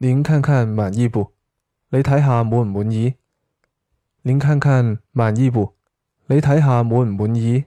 您看看滿意不？你睇下滿唔滿意？您看看滿意不？你睇下滿唔滿意？